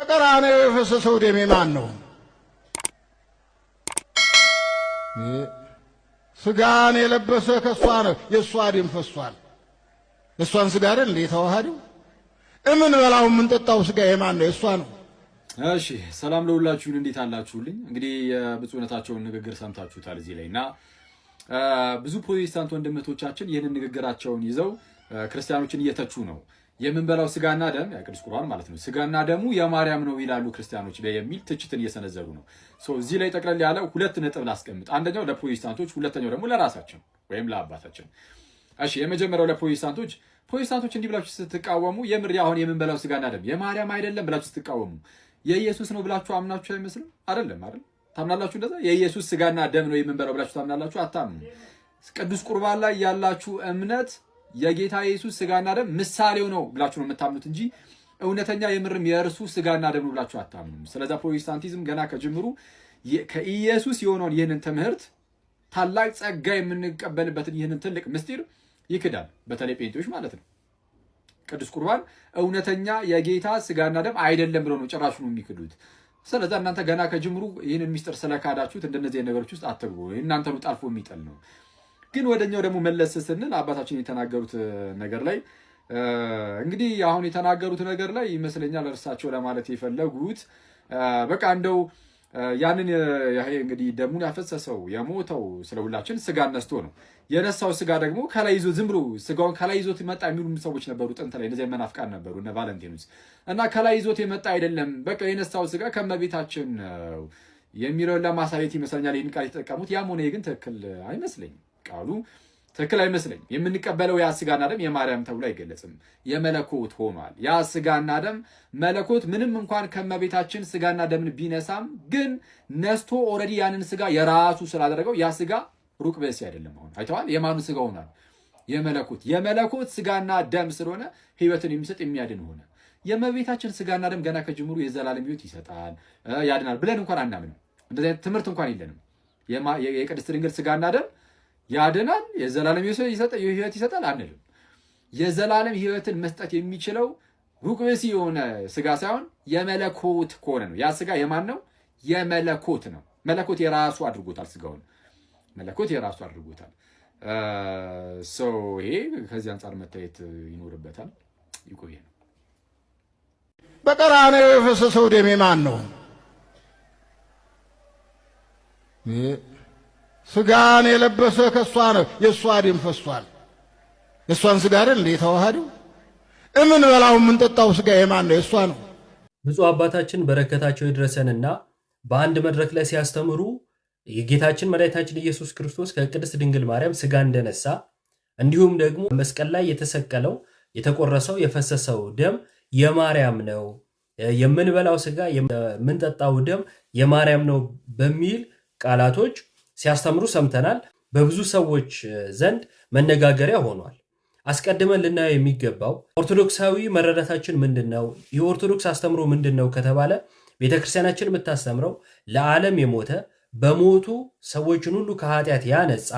በቀራንዮ የፈሰሰው ደሜ የማን ነው? ስጋን የለበሰ ከእሷ ነው። የእሷ ደም ፈሷል። እሷን ስጋ አይደል እንዴ የተዋሃደው? እምን በላው የምንጠጣው ስጋ የማን ነው? የእሷ ነው። እሺ ሰላም ለሁላችሁን፣ እንዴት አላችሁልኝ? እንግዲህ የብፁዕነታቸውን ንግግር ሰምታችሁታል እዚህ ላይ እና ብዙ ፕሮቴስታንት ወንድምቶቻችን ይህንን ንግግራቸውን ይዘው ክርስቲያኖችን እየተቹ ነው። የምንበላው ስጋና ደም ቅዱስ ቁርባን ማለት ነው ስጋና ደሙ የማርያም ነው ይላሉ ክርስቲያኖች የሚል ትችትን እየሰነዘሩ ነው። እዚህ ላይ ጠቅለል ያለ ሁለት ነጥብ ላስቀምጥ። አንደኛው ለፕሮቴስታንቶች፣ ሁለተኛው ደግሞ ለራሳችን ወይም ለአባታችን። እሺ፣ የመጀመሪያው ለፕሮቴስታንቶች። ፕሮቴስታንቶች እንዲህ ብላችሁ ስትቃወሙ የምር አሁን የምንበላው ስጋና ደም የማርያም አይደለም ብላችሁ ስትቃወሙ የኢየሱስ ነው ብላችሁ አምናችሁ አይመስልም? አይደለም አይደል? ታምናላችሁ? እንደዛ የኢየሱስ ስጋና ደም ነው የምንበላው ብላችሁ ታምናላችሁ? አታምኑ። ቅዱስ ቁርባን ላይ ያላችሁ እምነት የጌታ ኢየሱስ ስጋና ደም ምሳሌው ነው ብላችሁ ነው የምታምኑት እንጂ እውነተኛ የምርም የእርሱ ስጋና ደም ነው ብላችሁ አታምኑም። ስለዛ ፕሮቴስታንቲዝም ገና ከጅምሩ ከኢየሱስ የሆነውን ይህንን ትምህርት ታላቅ ጸጋ የምንቀበልበትን ይህንን ትልቅ ምስጢር ይክዳል። በተለይ ጴንጤዎች ማለት ነው። ቅዱስ ቁርባን እውነተኛ የጌታ ስጋና ደም አይደለም ብለው ነው ጭራሹ ነው የሚክዱት። ስለዛ እናንተ ገና ከጅምሩ ይህንን ሚስጥር ስለካዳችሁት እንደነዚህ ነገሮች ውስጥ አትግቡ። እናንተ ጣልፎ የሚጥል ነው። ግን ወደኛው ደግሞ መለስ ስንል አባታችን የተናገሩት ነገር ላይ እንግዲህ አሁን የተናገሩት ነገር ላይ ይመስለኛል እርሳቸው ለማለት የፈለጉት በቃ እንደው ያንን ይሄ እንግዲህ ደሙን ያፈሰሰው የሞተው ስለ ሁላችን ስጋ ነስቶ ነው። የነሳው ስጋ ደግሞ ከላይ ይዞ ዝም ብሎ ስጋውን ከላይ ይዞት መጣ የሚሉ ሰዎች ነበሩ። ጥንት ላይ እነዚያ መናፍቃን ነበሩ እነ ቫለንቲኑስ እና ከላይ ይዞት የመጣ አይደለም፣ በቃ የነሳው ስጋ ከመቤታችን የሚለውን ለማሳየት ይመስለኛል ይህን ቃል የተጠቀሙት። ያም ሆነ ግን ትክክል አይመስለኝም። ቃሉ ትክክል አይመስለኝ። የምንቀበለው ያ ስጋና ደም የማርያም ተብሎ አይገለጽም፣ የመለኮት ሆኗል። ያ ስጋና ደም መለኮት ምንም እንኳን ከመቤታችን ስጋና ደምን ቢነሳም ግን ነስቶ ኦልሬዲ ያንን ስጋ የራሱ ስላደረገው ያ ስጋ ሩቅ ብእሲ አይደለም። አሁን አይተዋል። የማኑ ስጋ ሆኗል? የመለኮት የመለኮት ስጋና ደም ስለሆነ ህይወትን የሚሰጥ የሚያድን ሆነ። የመቤታችን ስጋና ደም ገና ከጅምሩ የዘላለም ህይወት ይሰጣል፣ ያድናል ብለን እንኳን አናምንም። እንደዚህ ትምህርት እንኳን የለንም። የቅድስት ድንግል ስጋና ደም ያድናል፣ የዘላለም ህይወት ይሰጣል አንልም። የዘላለም ህይወትን መስጠት የሚችለው ውቅብስ የሆነ ስጋ ሳይሆን የመለኮት ከሆነ ነው። ያ ስጋ የማን ነው? የመለኮት ነው። መለኮት የራሱ አድርጎታል ስጋውን፣ መለኮት የራሱ አድርጎታል። ሰው ይሄ ከዚህ አንጻር መታየት ይኖርበታል። ይቆየ ነው። በቀራንዮ የፈሰሰው ደሜ ማን ነው? ስጋን የለበሰ ከእሷ ነው፣ የእሷ ደም ፈሷል። የእሷን ስጋ አይደል እንዴ የተዋሃደው? እምን በላው የምንጠጣው ስጋ የማን ነው? የእሷ ነው። ብፁዕ አባታችን በረከታቸው ይድረሰንና በአንድ መድረክ ላይ ሲያስተምሩ የጌታችን መድኃኒታችን ኢየሱስ ክርስቶስ ከቅድስት ድንግል ማርያም ስጋ እንደነሳ እንዲሁም ደግሞ መስቀል ላይ የተሰቀለው የተቆረሰው የፈሰሰው ደም የማርያም ነው፣ የምንበላው ስጋ የምንጠጣው ደም የማርያም ነው በሚል ቃላቶች ሲያስተምሩ ሰምተናል። በብዙ ሰዎች ዘንድ መነጋገሪያ ሆኗል። አስቀድመን ልናየው የሚገባው ኦርቶዶክሳዊ መረዳታችን ምንድን ነው? የኦርቶዶክስ አስተምሮ ምንድን ነው ከተባለ ቤተክርስቲያናችን የምታስተምረው ለዓለም የሞተ በሞቱ ሰዎችን ሁሉ ከኃጢአት ያነጻ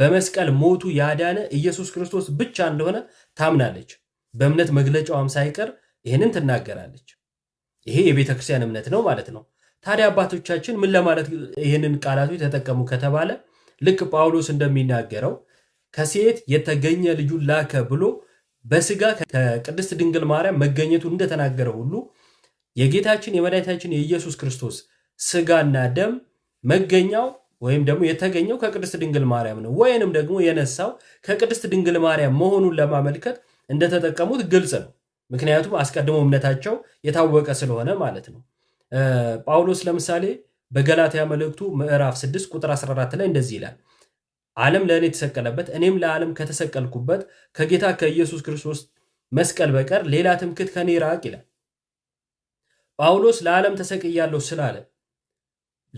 በመስቀል ሞቱ ያዳነ ኢየሱስ ክርስቶስ ብቻ እንደሆነ ታምናለች። በእምነት መግለጫዋም ሳይቀር ይህንን ትናገራለች። ይሄ የቤተክርስቲያን እምነት ነው ማለት ነው። ታዲያ አባቶቻችን ምን ለማለት ይህንን ቃላቶች ተጠቀሙ ከተባለ ልክ ጳውሎስ እንደሚናገረው ከሴት የተገኘ ልጁን ላከ ብሎ በስጋ ከቅድስት ድንግል ማርያም መገኘቱን እንደተናገረ ሁሉ የጌታችን የመድኃኒታችን የኢየሱስ ክርስቶስ ስጋና ደም መገኛው ወይም ደግሞ የተገኘው ከቅድስት ድንግል ማርያም ነው ወይንም ደግሞ የነሳው ከቅድስት ድንግል ማርያም መሆኑን ለማመልከት እንደተጠቀሙት ግልጽ ነው። ምክንያቱም አስቀድሞ እምነታቸው የታወቀ ስለሆነ ማለት ነው። ጳውሎስ ለምሳሌ በገላትያ መልእክቱ ምዕራፍ 6 ቁጥር 14 ላይ እንደዚህ ይላል፣ ዓለም ለእኔ የተሰቀለበት እኔም ለዓለም ከተሰቀልኩበት ከጌታ ከኢየሱስ ክርስቶስ መስቀል በቀር ሌላ ትምክት ከኔ ራቅ ይላል። ጳውሎስ ለዓለም ተሰቅያለሁ ስላለ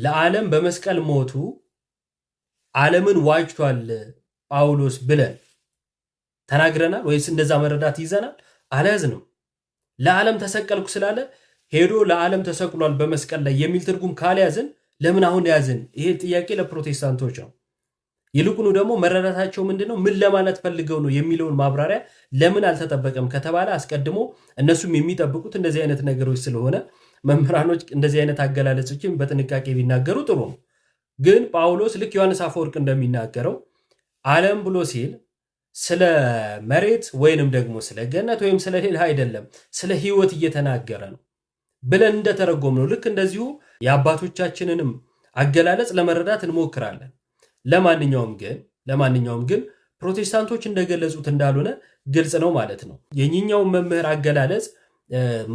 ለዓለም በመስቀል ሞቱ ዓለምን ዋጅቷል ጳውሎስ ብለን ተናግረናል ወይስ እንደዛ መረዳት ይዘናል? አልያዝንም። ለዓለም ተሰቀልኩ ስላለ ሄዶ ለዓለም ተሰቅሏል በመስቀል ላይ የሚል ትርጉም ካልያዝን ለምን አሁን ያዝን? ይሄ ጥያቄ ለፕሮቴስታንቶች ነው። ይልቁኑ ደግሞ መረዳታቸው ምንድን ነው፣ ምን ለማለት ፈልገው ነው የሚለውን ማብራሪያ ለምን አልተጠበቀም ከተባለ አስቀድሞ እነሱም የሚጠብቁት እንደዚህ አይነት ነገሮች ስለሆነ መምህራኖች እንደዚህ አይነት አገላለጾችን በጥንቃቄ ቢናገሩ ጥሩ ነው። ግን ጳውሎስ ልክ ዮሐንስ አፈወርቅ እንደሚናገረው ዓለም ብሎ ሲል ስለ መሬት ወይንም ደግሞ ስለ ገነት ወይም ስለሌላ አይደለም፣ ስለ ህይወት እየተናገረ ነው። ብለን እንደተረጎም ነው። ልክ እንደዚሁ የአባቶቻችንንም አገላለጽ ለመረዳት እንሞክራለን። ለማንኛውም ግን ለማንኛውም ግን ፕሮቴስታንቶች እንደገለጹት እንዳልሆነ ግልጽ ነው ማለት ነው። የኝኛውን መምህር አገላለጽ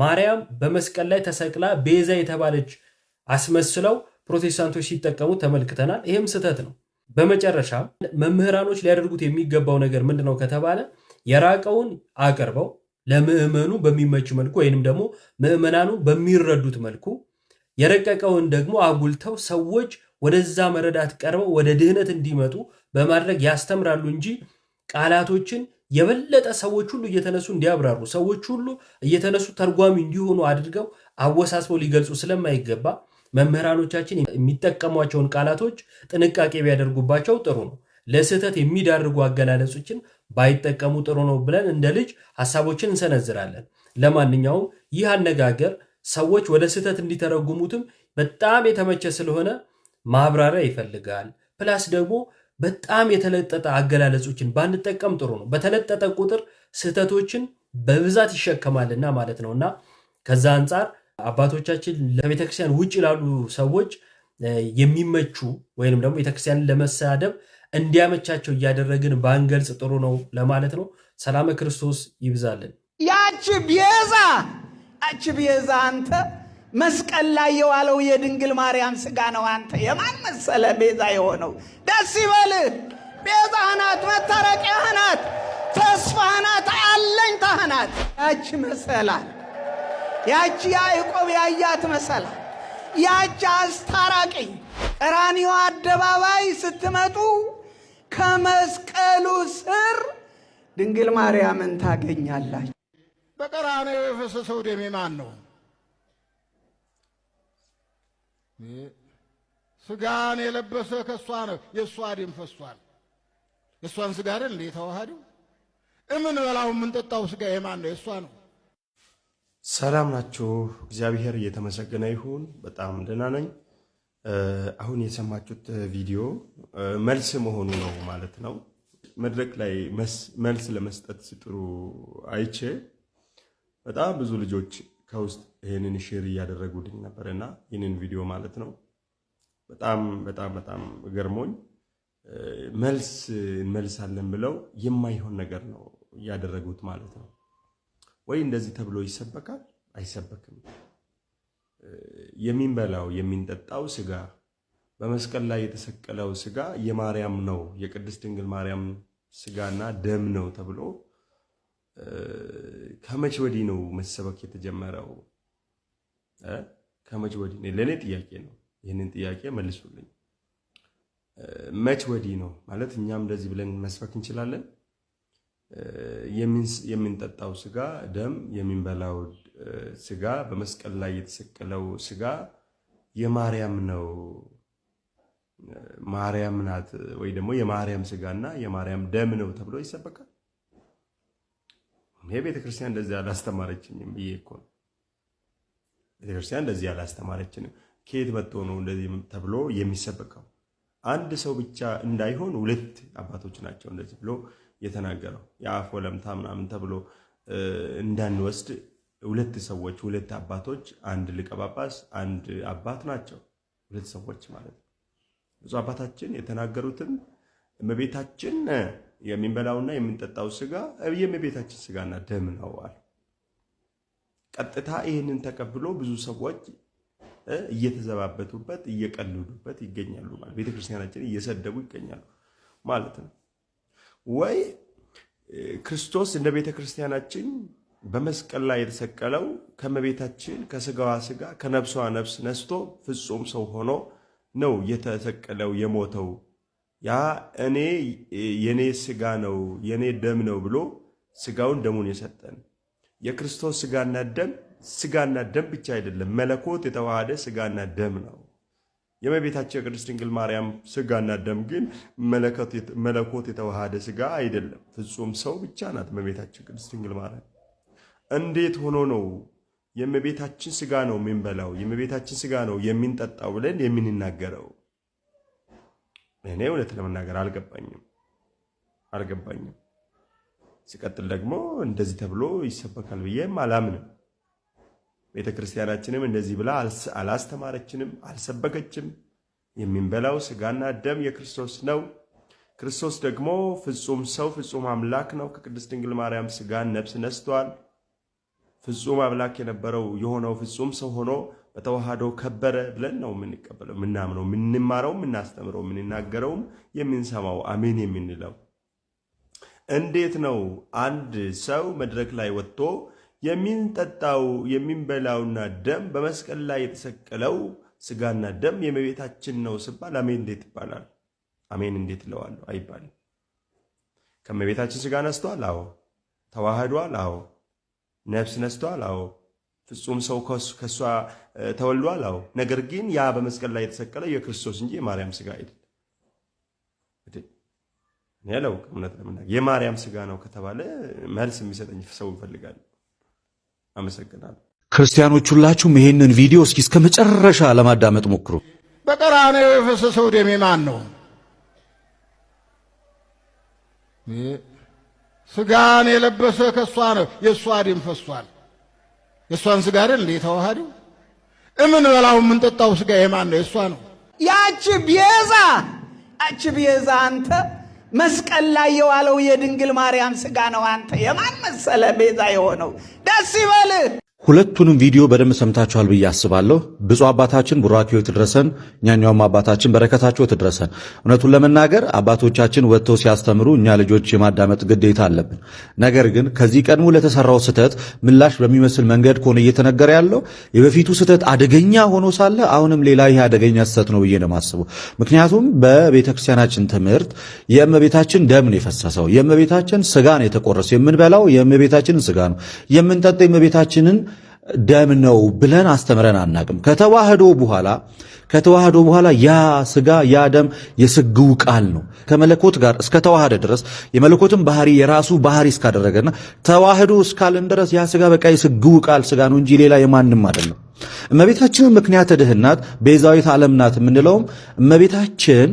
ማርያም በመስቀል ላይ ተሰቅላ ቤዛ የተባለች አስመስለው ፕሮቴስታንቶች ሲጠቀሙ ተመልክተናል። ይህም ስህተት ነው። በመጨረሻ መምህራኖች ሊያደርጉት የሚገባው ነገር ምንድነው ከተባለ የራቀውን አቅርበው ለምዕመኑ በሚመች መልኩ ወይንም ደግሞ ምዕመናኑ በሚረዱት መልኩ የረቀቀውን ደግሞ አጉልተው ሰዎች ወደዛ መረዳት ቀርበው ወደ ድህነት እንዲመጡ በማድረግ ያስተምራሉ እንጂ ቃላቶችን የበለጠ ሰዎች ሁሉ እየተነሱ እንዲያብራሩ ሰዎች ሁሉ እየተነሱ ተርጓሚ እንዲሆኑ አድርገው አወሳስበው ሊገልጹ ስለማይገባ መምህራኖቻችን የሚጠቀሟቸውን ቃላቶች ጥንቃቄ ቢያደርጉባቸው ጥሩ ነው። ለስህተት የሚዳርጉ አገላለጾችን ባይጠቀሙ ጥሩ ነው ብለን እንደ ልጅ ሀሳቦችን እንሰነዝራለን። ለማንኛውም ይህ አነጋገር ሰዎች ወደ ስህተት እንዲተረጉሙትም በጣም የተመቸ ስለሆነ ማብራሪያ ይፈልጋል። ፕላስ ደግሞ በጣም የተለጠጠ አገላለጾችን ባንጠቀም ጥሩ ነው። በተለጠጠ ቁጥር ስህተቶችን በብዛት ይሸከማልና ማለት ነው እና ከዛ አንጻር አባቶቻችን ከቤተክርስቲያን ውጭ ላሉ ሰዎች የሚመቹ ወይንም ደግሞ ቤተክርስቲያንን ለመሳደብ እንዲያመቻቸው እያደረግን ባንገልጽ ጥሩ ነው ለማለት ነው። ሰላም ክርስቶስ ይብዛልን። ያቺ ቤዛ ያች ቤዛ አንተ መስቀል ላይ የዋለው የድንግል ማርያም ስጋ ነው። አንተ የማን መሰለ ቤዛ የሆነው? ደስ ይበልህ። ቤዛ ናት፣ መታረቂያ ናት፣ ተስፋ ናት፣ አለኝታ ናት። ያቺ መሰላል ያቺ ያዕቆብ ያያት መሰላል ያቺ አስታራቂ ቀራንዮ አደባባይ ስትመጡ ከመስቀሉ ስር ድንግል ማርያምን ታገኛላችሁ። በቀራንዮ የፈሰሰው ደሜ የማን ነው? ስጋን የለበሰ ከእሷ ነው። የእሷ ደም ፈሷል። የእሷን ስጋ አይደል እንዴ እምን በላው የምንጠጣው ስጋ የማን ነው? የእሷ ነው። ሰላም ናችሁ? እግዚአብሔር እየተመሰገነ ይሁን። በጣም ደህና ነኝ። አሁን የሰማችሁት ቪዲዮ መልስ መሆኑ ነው ማለት ነው። መድረክ ላይ መልስ ለመስጠት ሲጥሩ አይቼ በጣም ብዙ ልጆች ከውስጥ ይህንን ሼር እያደረጉልኝ ነበር እና ይህንን ቪዲዮ ማለት ነው በጣም በጣም በጣም ገርሞኝ መልስ እንመልሳለን ብለው የማይሆን ነገር ነው እያደረጉት ማለት ነው። ወይ እንደዚህ ተብሎ ይሰበካል፣ አይሰበክም። የሚንበላው የሚንጠጣው ስጋ በመስቀል ላይ የተሰቀለው ስጋ የማርያም ነው፣ የቅድስት ድንግል ማርያም ስጋና ደም ነው ተብሎ ከመች ወዲህ ነው መሰበክ የተጀመረው? ከመች ወዲህ ነው? ለእኔ ጥያቄ ነው። ይህንን ጥያቄ መልሱልኝ። መች ወዲህ ነው ማለት እኛም እንደዚህ ብለን መስበክ እንችላለን? የሚንጠጣው ስጋ ደም፣ የሚንበላው ስጋ በመስቀል ላይ የተሰቀለው ስጋ የማርያም ነው፣ ማርያም ናት ወይ ደግሞ የማርያም ስጋና የማርያም ደም ነው ተብሎ ይሰበካል። ይሄ ቤተክርስቲያን እንደዚህ አላስተማረችኝም ብዬ እኮ ነው። ቤተክርስቲያን እንደዚህ አላስተማረችንም። ከየት መጥቶ ነው እንደዚህ ተብሎ የሚሰበቀው አንድ ሰው ብቻ እንዳይሆን ሁለት አባቶች ናቸው እንደዚህ ብሎ የተናገረው። የአፍ ወለምታ ምናምን ተብሎ እንዳንወስድ ሁለት ሰዎች ሁለት አባቶች አንድ ሊቀ ጳጳስ አንድ አባት ናቸው። ሁለት ሰዎች ማለት ነው። አባታችን የተናገሩትም እመቤታችን የምንበላውና የምንጠጣው ስጋ የእመቤታችን ስጋና ደም ነው አሉ። ቀጥታ ይህንን ተቀብሎ ብዙ ሰዎች እየተዘባበቱበት እየቀልዱበት ይገኛሉ ማለት ቤተክርስቲያናችን እየሰደቡ ይገኛሉ ማለት ነው ወይ ክርስቶስ እንደ ቤተክርስቲያናችን በመስቀል ላይ የተሰቀለው ከመቤታችን ከስጋዋ ስጋ ከነፍሷ ነፍስ ነስቶ ፍጹም ሰው ሆኖ ነው የተሰቀለው የሞተው። ያ እኔ የኔ ስጋ ነው የኔ ደም ነው ብሎ ስጋውን ደሙን የሰጠን የክርስቶስ ስጋና ደም ስጋና ደም ብቻ አይደለም፣ መለኮት የተዋሃደ ስጋና ደም ነው። የእመቤታችን የቅድስት ድንግል ማርያም ስጋና ደም ግን መለኮት የተዋሃደ ስጋ አይደለም። ፍጹም ሰው ብቻ ናት እመቤታችን ቅድስት ድንግል ማርያም። እንዴት ሆኖ ነው የእመቤታችን ስጋ ነው የምንበላው፣ የእመቤታችን ስጋ ነው የምንጠጣው ብለን የምንናገረው? እኔ እውነት ለመናገር አልገባኝም አልገባኝም። ሲቀጥል ደግሞ እንደዚህ ተብሎ ይሰበካል ብዬም አላምንም። ቤተ ክርስቲያናችንም እንደዚህ ብላ አላስተማረችንም፣ አልሰበከችም። የምንበላው ስጋና ደም የክርስቶስ ነው። ክርስቶስ ደግሞ ፍጹም ሰው፣ ፍጹም አምላክ ነው። ከቅድስት ድንግል ማርያም ስጋን ነፍስ ነስቷል። ፍጹም አምላክ የነበረው የሆነው ፍጹም ሰው ሆኖ በተዋህዶ ከበረ ብለን ነው የምንቀበለው፣ የምናምነው፣ የምንማረው፣ የምናስተምረው፣ የምንናገረውም የምንሰማው አሜን የምንለው። እንዴት ነው አንድ ሰው መድረክ ላይ ወጥቶ የሚንጠጣው የሚንበላውና ደም በመስቀል ላይ የተሰቀለው ስጋና ደም የመቤታችን ነው ስባል አሜን እንዴት ይባላል? አሜን እንዴት እለዋለሁ? አይባልም። ከመቤታችን ስጋ ነስቷል? አዎ። ተዋህዷል? አዎ ነፍስ ነስቷል? አዎ። ፍጹም ሰው ከእሷ ተወልዷል? አዎ። ነገር ግን ያ በመስቀል ላይ የተሰቀለ የክርስቶስ እንጂ የማርያም ስጋ አይደለም። ያለው እውነት ለምና የማርያም ስጋ ነው ከተባለ መልስ የሚሰጠኝ ሰው ይፈልጋል። አመሰግናለሁ። ክርስቲያኖች ሁላችሁም ይሄንን ቪዲዮ እስኪ እስከ መጨረሻ ለማዳመጥ ሞክሩ። በቀራንዮ የፈሰሰው ደሜ ማን ነው? ስጋን የለበሰ ከእሷ ነው። የእሷ ደም ፈሷል። የእሷን ስጋ አይደል እንዴ የተዋሃደው? እምን በላው የምንጠጣው ስጋ የማን ነው? የእሷ ነው። ያቺ ቤዛ አቺ ቤዛ አንተ መስቀል ላይ የዋለው የድንግል ማርያም ስጋ ነው። አንተ የማን መሰለ ቤዛ የሆነው? ደስ ይበልህ። ሁለቱንም ቪዲዮ በደንብ ሰምታችኋል ብዬ አስባለሁ። ብፁዕ አባታችን ቡራኪዮ ትድረሰን፣ እኛኛውም አባታችን በረከታቸው ትድረሰን። እውነቱን ለመናገር አባቶቻችን ወጥተው ሲያስተምሩ እኛ ልጆች የማዳመጥ ግዴታ አለብን። ነገር ግን ከዚህ ቀድሞ ለተሰራው ስህተት ምላሽ በሚመስል መንገድ ከሆነ እየተነገረ ያለው የበፊቱ ስህተት አደገኛ ሆኖ ሳለ አሁንም ሌላ ይህ አደገኛ ስህተት ነው ብዬ ነው የማስበው። ምክንያቱም በቤተክርስቲያናችን ትምህርት የእመቤታችን ደም ነው የፈሰሰው፣ የእመቤታችን ስጋ ነው የተቆረሰው። የምንበላው የእመቤታችንን ስጋ ነው፣ የምንጠጣው የእመቤታችንን ደም ነው ብለን አስተምረን አናቅም። ከተዋህዶ በኋላ ከተዋህዶ በኋላ ያ ስጋ ያ ደም የስግው ቃል ነው። ከመለኮት ጋር እስከ ተዋህደ ድረስ የመለኮትን ባህሪ የራሱ ባህሪ እስካደረገና ተዋህዶ እስካልን ድረስ ያ ስጋ በቃ የስግው ቃል ስጋ ነው እንጂ ሌላ የማንም አይደለም። እመቤታችንን ምክንያት ድኅነት ቤዛዊት ዓለም ናት የምንለውም እመቤታችን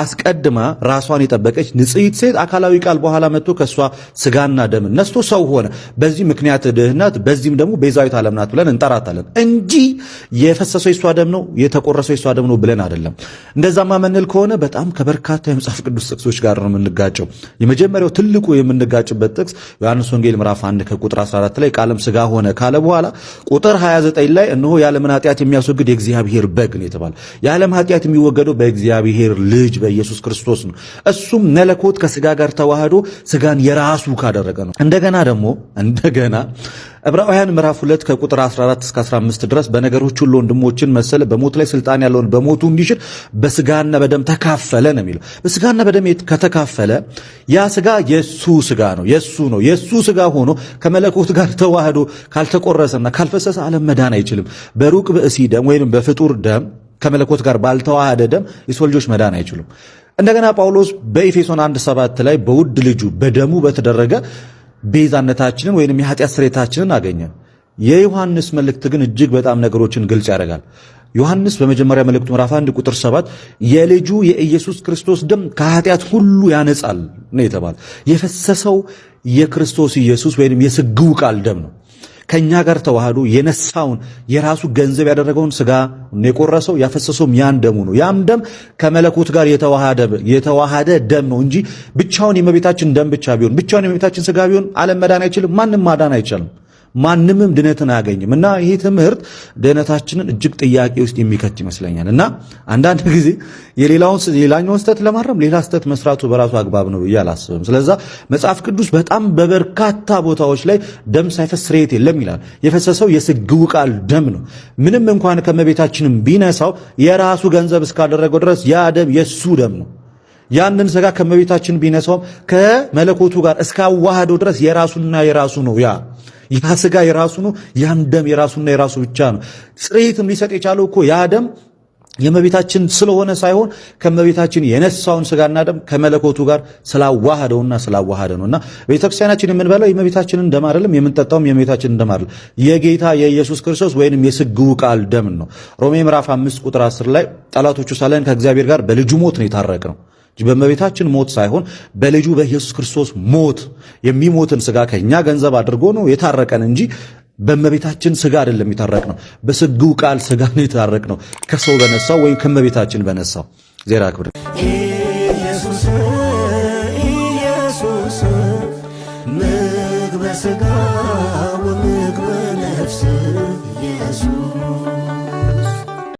አስቀድማ ራሷን የጠበቀች ንጽሕት ሴት አካላዊ ቃል በኋላ መጥቶ ከእሷ ስጋና ደም ነስቶ ሰው ሆነ። በዚህ ምክንያት ድህናት፣ በዚህም ደግሞ ቤዛዊት ዓለም ናት ብለን እንጠራታለን እንጂ የፈሰሰው የእሷ ደም ነው የተቆረሰው የእሷ ደም ነው ብለን አይደለም። እንደዛማ ምንል ከሆነ በጣም ከበርካታ የመጽሐፍ ቅዱስ ጥቅሶች ጋር ነው የምንጋጨው። የመጀመሪያው ትልቁ የምንጋጭበት ጥቅስ ዮሐንስ ወንጌል ምዕራፍ 1 ከቁጥር 14 ላይ ቃለም ስጋ ሆነ ካለ በኋላ ቁጥር 29 ላይ እነሆ የዓለምን ኃጢአት የሚያስወግድ የእግዚአብሔር በግ ነው የተባለ። የዓለም ኃጢአት የሚወገደው በእግዚአብሔር ልጅ በኢየሱስ ክርስቶስ ነው። እሱም መለኮት ከስጋ ጋር ተዋህዶ ስጋን የራሱ ካደረገ ነው። እንደገና ደግሞ እንደገና ዕብራውያን ምዕራፍ 2 ከቁጥር 14 እስከ 15 ድረስ በነገሮች ሁሉ ወንድሞችን መሰለ፣ በሞት ላይ ስልጣን ያለውን በሞቱ እንዲሽር በስጋና በደም ተካፈለ ነው የሚለው። በስጋና በደም ከተካፈለ ያ ስጋ የሱ ስጋ ነው፣ የሱ ነው። የሱ ስጋ ሆኖ ከመለኮት ጋር ተዋህዶ ካልተቆረሰና ካልፈሰሰ ዓለም መዳን አይችልም። በሩቅ ብእሲ ደም ወይንም በፍጡር ደም ከመለኮት ጋር ባልተዋሃደ ደም የሰው ልጆች መዳን አይችሉም። እንደገና ጳውሎስ በኤፌሶን ሰባት ላይ በውድ ልጁ በደሙ በተደረገ ቤዛነታችንን ወይም የኃጢአት ስሬታችንን አገኘ። የዮሐንስ መልእክት ግን እጅግ በጣም ነገሮችን ግልጽ ያደርጋል። ዮሐንስ በመጀመሪያ መልእክቱ ምዕራፍ 1 ቁጥር 7 የልጁ የኢየሱስ ክርስቶስ ደም ከኃጢአት ሁሉ ያነጻል ነው የተባለ። የፈሰሰው የክርስቶስ ኢየሱስ ወይም የስግው ቃል ደም ነው። ከእኛ ጋር ተዋህዶ የነሳውን የራሱ ገንዘብ ያደረገውን ስጋ የቆረሰው ያፈሰሰውም ያን ደሙ ነው። ያም ደም ከመለኮት ጋር የተዋሃደ ደም ነው እንጂ ብቻውን የመቤታችን ደም ብቻ ቢሆን ብቻውን የመቤታችን ስጋ ቢሆን ዓለም መዳን አይችልም። ማንም ማዳን አይቻልም። ማንምም ድነትን አያገኝም። እና ይህ ትምህርት ድህነታችንን እጅግ ጥያቄ ውስጥ የሚከት ይመስለኛል። እና አንዳንድ ጊዜ የሌላኛውን ስተት ለማረም ሌላ ስተት መስራቱ በራሱ አግባብ ነው ብዬ አላስብም። ስለዛ መጽሐፍ ቅዱስ በጣም በበርካታ ቦታዎች ላይ ደም ሳይፈስ ስርየት የለም ይላል። የፈሰሰው የስግው ቃል ደም ነው። ምንም እንኳን ከመቤታችንም ቢነሳው የራሱ ገንዘብ እስካደረገው ድረስ ያ ደም የእሱ ደም ነው። ያንን ስጋ ከመቤታችን ቢነሳውም ከመለኮቱ ጋር እስካዋህደው ድረስ የራሱና የራሱ ነው ያ ያ ስጋ የራሱ ነው። ያን ደም የራሱና የራሱ ብቻ ነው። ስርየትም ሊሰጥ የቻለው እኮ ያ ደም የእመቤታችን ስለሆነ ሳይሆን ከእመቤታችን የነሳውን ስጋና ደም ከመለኮቱ ጋር ስላዋሃደውና ስላዋሃደ ነው። እና ቤተክርስቲያናችን የምንበላው የእመቤታችንን ደም አይደለም፣ የምንጠጣውም የእመቤታችንን ደም አይደለም። የጌታ የኢየሱስ ክርስቶስ ወይንም የስግቡ ቃል ደም ነው። ሮሜ ምዕራፍ አምስት ቁጥር አስር ላይ ጠላቶቹ ሳለን ከእግዚአብሔር ጋር በልጁ ሞት ነው የታረቅ ነው። በመቤታችን ሞት ሳይሆን በልጁ በኢየሱስ ክርስቶስ ሞት የሚሞትን ስጋ ከኛ ገንዘብ አድርጎ ነው የታረቀን እንጂ በመቤታችን ስጋ አይደለም የታረቅ ነው። በስግው ቃል ስጋ ነው የታረቅ ነው ከሰው በነሳው ወይም ከእመቤታችን በነሳው ዜራ ክብር